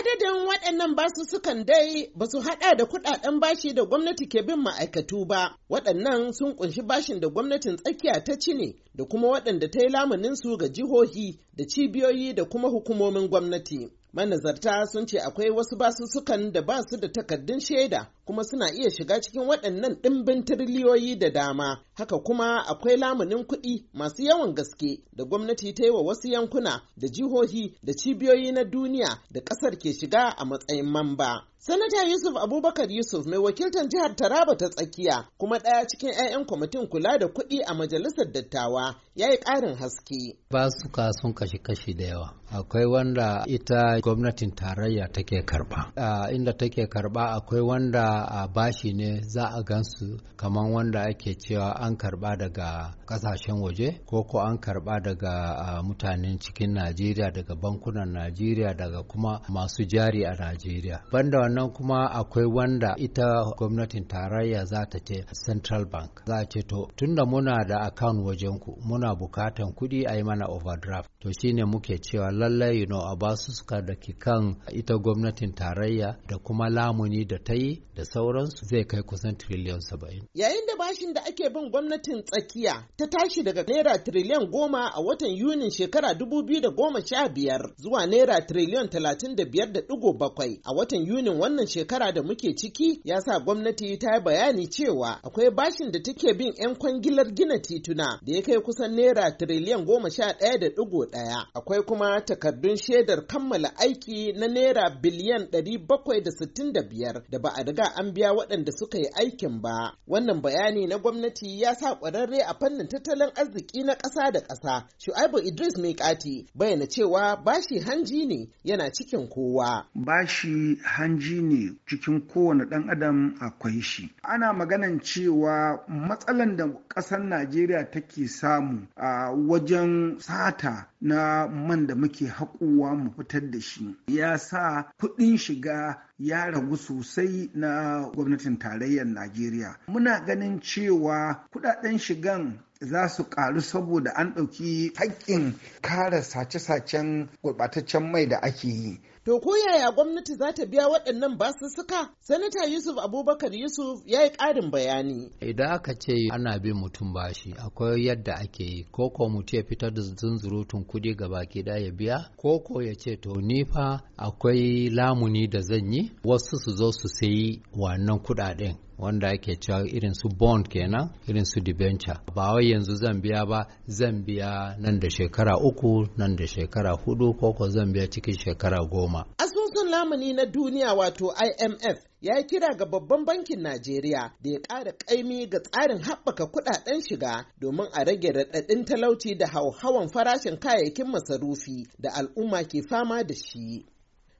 Adadin waɗannan basu sukan dai ba su haɗa da kuɗaɗen bashi da gwamnati ke bin ma'aikatu ba, waɗannan sun ƙunshi bashin da gwamnatin tsakiya ta ci ne da kuma waɗanda ta yi lamunin su ga jihohi da cibiyoyi da kuma hukumomin gwamnati. Manazarta sun ce akwai wasu basussukan da ba su da takardun shaida kuma suna iya shiga cikin waɗannan ɗimbin tiriliyoyi da dama. Haka kuma akwai lamunin kuɗi masu yawan gaske da gwamnati ta yi wa wasu yankuna da jihohi da cibiyoyi na duniya da ƙasar ke shiga a matsayin mamba. Sanata Yusuf Abubakar Yusuf mai wakiltar jihar Taraba ta tsakiya kuma ɗaya cikin 'ya'yan kwamitin kula da kuɗi a majalisar dattawa ya yi ƙarin haske. Ba su sun kashi-kashi da yawa. Akwai wanda ita gwamnatin tarayya take karɓa. Inda take karɓa akwai wanda a bashi ne za a gansu kamar wanda ake cewa an karba daga kasashen waje ko ko an karba daga mutanen cikin najeriya daga bankunan najeriya daga kuma masu jari a najeriya banda wannan kuma akwai wanda ita gwamnatin tarayya za ta ce central bank za a ce to tunda muna da account wajen ku muna bukatan kuɗi a yi mana overdraft to shine muke cewa lallai you know, a basu suka da kikan ita gwamnatin tarayya da kuma lamuni da ta yi da sauransu zai kai kusan triliyan saba'in. Yayin da bashin da ake bin gwamnatin tsakiya ta tashi daga naira tiriliyan goma a watan Yunin shekara dubu biyu da goma sha biyar zuwa naira triliyan talatin da biyar da ɗigo bakwai a watan Yunin wannan shekara da muke ciki ya sa gwamnati ta yi bayani cewa akwai bashin da take bin 'yan kwangilar gina tituna da ya kai kusan naira tiriliyan goma sha ɗaya da ɗigo ɗaya. Akwai kuma takardun shaidar kammala aiki na naira biliyan ɗari bakwai da sittin da biyar da ba a riga an biya waɗanda suka yi aikin ba. Wannan bayani na gwamnati ya sa ƙwararre a fannin tattalin arziki na ƙasa da ƙasa. Shu'aibu Idris Maikati bayyana cewa bashi hanji ne yana cikin kowa. Bashi hanji ne cikin kowane ɗan adam akwai shi. Ana maganan cewa matsalan da ƙasar Najeriya take samu a wajen sata na man da muke haƙowa mu fitar da shi ya sa kuɗin shiga ya ragu sosai na gwamnatin tarayyar Najeriya. Muna ganin cewa kudaden shigan za su karu saboda an ɗauki haƙƙin kare sace-sacen gurɓataccen mai da ake yi. To ko yaya gwamnati za ta biya waɗannan basussuka? Sanata Yusuf Abubakar Yusuf ya yi ƙarin bayani. Idan aka ce ana bin mutum bashi akwai yadda ake yi ko ko mutum ya fitar da zunzurutun kuɗi ga baki ɗaya ya biya ko ko ya ce to ni fa akwai lamuni da zan yi wasu su zo su sayi wannan kuɗaɗen wanda ake cewa irin su bond kenan irin su debenture ba wai yanzu zan biya ba zan biya nan da shekara uku nan da shekara hudu ko ko zan biya cikin shekara goma asusun lamuni na duniya wato imf ya yi kira ga babban bankin Najeriya da ya ƙara ƙaimi ga tsarin haɓaka kuɗaɗen shiga domin a rage raɗaɗin talauci da hauhawan farashin kayayyakin masarufi da al'umma ke fama da shi.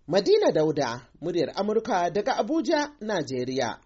Madina Dauda, muryar Amurka daga Abuja, Najeriya.